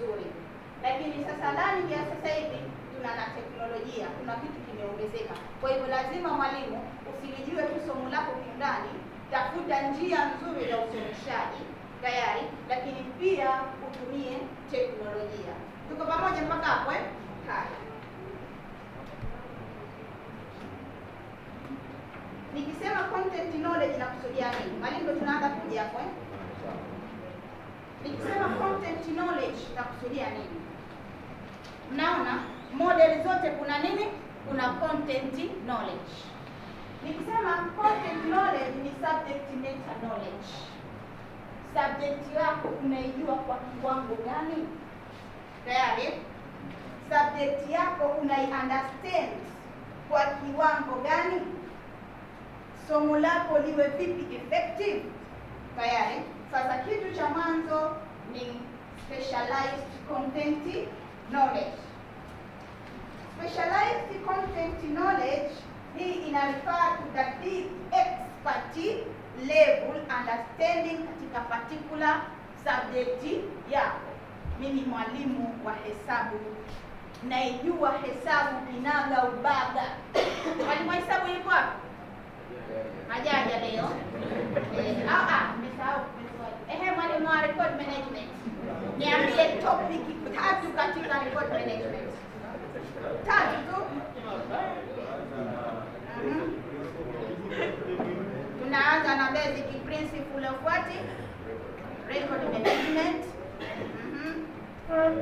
vizuri, lakini sasa ndani ya sasa hivi tuna na teknolojia, kuna kitu kimeongezeka. Kwa hivyo lazima mwalimu usilijue tu somo lako kiundani, tafuta njia nzuri ya usomeshaji tayari, lakini pia utumie teknolojia. Tuko pamoja mpaka hapo eh? Haya, nikisema content knowledge na kusudia nini? Mwalimu, tunaanza kuja hapo eh? Nikisema content knowledge takusudia nini? Mnaona model zote kuna nini? Kuna content knowledge. Nikisema content knowledge ni subject matter knowledge, subject yako unaijua kwa kiwango gani? Tayari subject yako unai understand kwa kiwango gani? Somo lako liwe vipi effective? Tayari sasa, kitu cha mwanzo ni specialized content knowledge. Specialized content knowledge hii ina refer to the deep expert level understanding katika particular subject yako. Mimi mwalimu wa hesabu naijua hesabu kinaga ubaga. Mwalimu wa hesabu yuko wapi? Hajaja leo. tatu katika report management, tatu tu hmm? tunaanza na basic principle of what record management hmm? Hmm?